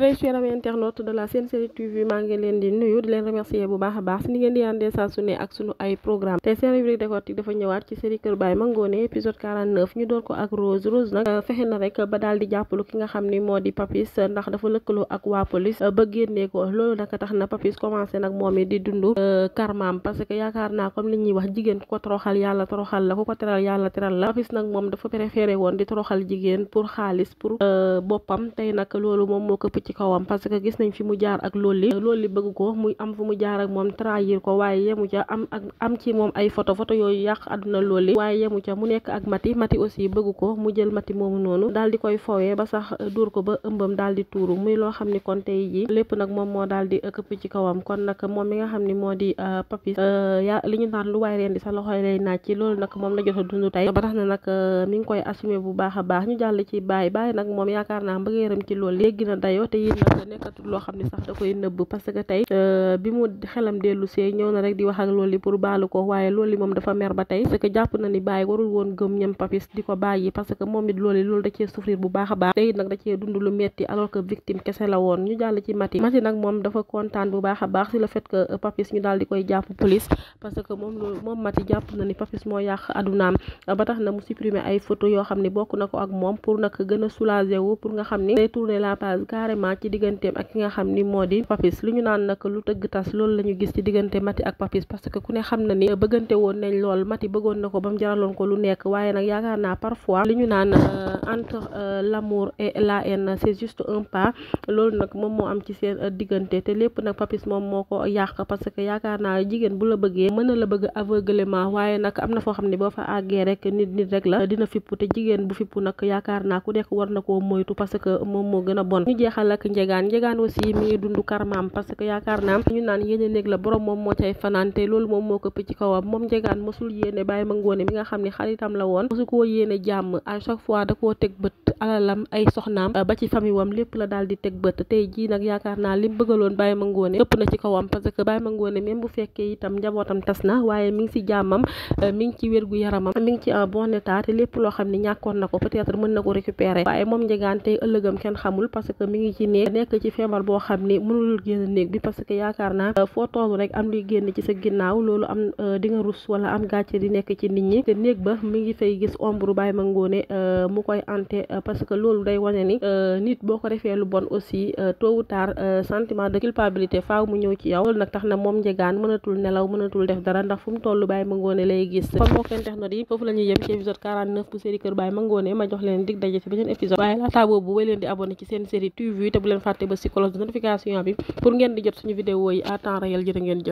très chers amis internautes de la Sen Série TV maa ngi leen di nuyu leen remercier bu baax a baax si ni ngeen di àndee saa ak sunu ay programme tey seen rubrique décortique dafa ñëwaat ci série Kër Baye Mangoné épisode 49 ñu door ko ak Rose Rose nag euh, fexe rek ba daal di jàppalu ki nga xam ni moo di Papis ndax dafa lëkkaloo ak waa police euh, ba génnee ko loolu nag tax na Papis commencé nag moom it di dund euh, karmaam parce que yaakaar naa comme li ñuy wax jigéen ku ko toroxal yàlla toroxal ci kawam parce que gis nañ fi mu jaar ak loolu li loolu li bëgg ko muy am fu mu jaar ak moom trahir ko waaye yemu ca am ak am ci moom ay foto photo yooyu yàq àdduna lool li waaye mu ca mu nekk ak mati mati aussi bëgg ko mu jël mati moom noonu daal di koy fowee ba sax dóor ko ba ëmbam daal di tuuru muy loo xam ni kon tey ji lépp nag moom moo daal di këpp ci kawam kon nag moom mi nga xam ni moo di euh, papis euh, ya li ñu naan lu waay reen di sa loxoy lay naaj ci loolu moom la jot a dund tey ba tax na nag euh, mi ngi koy assumer bu a te it nag nekkatul loo xam ne sax da koy nëbb parce que tey euh, bi mu xelam dellu see ñëw na rek di wax ak loolu pour baalu ko waaye loolu moom dafa mer ba tey parce que jàpp na ni bàyyi warul woon gëm ñam papis di ko bàyyi parce moom da bu baax a baax te it nag da cee que victime kese la woon ñu jàll ci mati mati nag dafa kontaan bu baax a baax si le fait euh, papis ñu daal di koy jàpp police parce que moom mati jàpp na ni papis moo yàq adunaam ba tax na mu supprimer ay photo yoo xam ni bokk na ko ak moom pour nag gën a soulager wu pour nga xam ne day tourner la également ci digganteem ak nga xam ni moo di Papis lu ñu naan nag lu tëgg tas loolu la gis ci diggante Mati ak Papis parce que ku ne xam na ni bëggante woon nañ lool Mati bëggoon na ko ba mu jaraloon ko lu nekk waaye nag yaakaar naa parfois li ñu naan euh, entre euh, l'amour et la haine c'est juste un pas loolu nag moom moo am ci seen euh, diggante te lépp nag Papis moom moo ko yàq parce que yaakaar naa jigéen bu la bëggee mën na la bëgg aveuglément waaye nag am na foo xam ne boo fa àggee rek nit nit rek la dina fippu te jigéen bu fippu nak yaakaar naa ku nekk war na koo moytu parce que moom moo gën bon ñu jeexal ak njegaan njegaan aussi mi ngi dund karmaam parce que yaakaar naa ñu naan yéene néeg la borom moom moo cay fanaan te loolu moom moo ko euh, na ci kawam parce que bàyyi ma ngoone même bu fekkee itam njabootam tas na waaye mi ngi si jàmmam euh, mi ngi ci wér gu yaramam mi ngi ci en bon état te lépp loo xam ne ñàkkoon na ko peut-être mën na ko récupérer waaye moom njegaan tey ëllëgam kenn xamul parce que mi ngi ci ci néeg nekk ci feebar boo xam ne mënul génn néeg bi parce que yaakaar naa euh, foo toll rek am luy génn ci sa ginnaaw loolu am euh, di nga rus wala am nit ba mi ngi fay gis ombre Baye Mangoné euh, mu que loolu day wane ni boo ko defee lu bon aussi tôt ou tard sentiment de culpabilité faaw mu ñëw ci yow loolu nag tax na moom njegaan mënatul nelaw mënatul def dara ndax fu mu toll Baye Mangoné lay gis kon na di foofu la ñuy yem ci épisode 49 bu série Kër Baye Mangoné ma jox leen dig daje ci beneen épisode waaye laataa boobu di abonné ci seen série TV te bu leen fàtte ba si cloche de notification bi pour ngeen di jot vidéo yi à temps réel jërë ngeen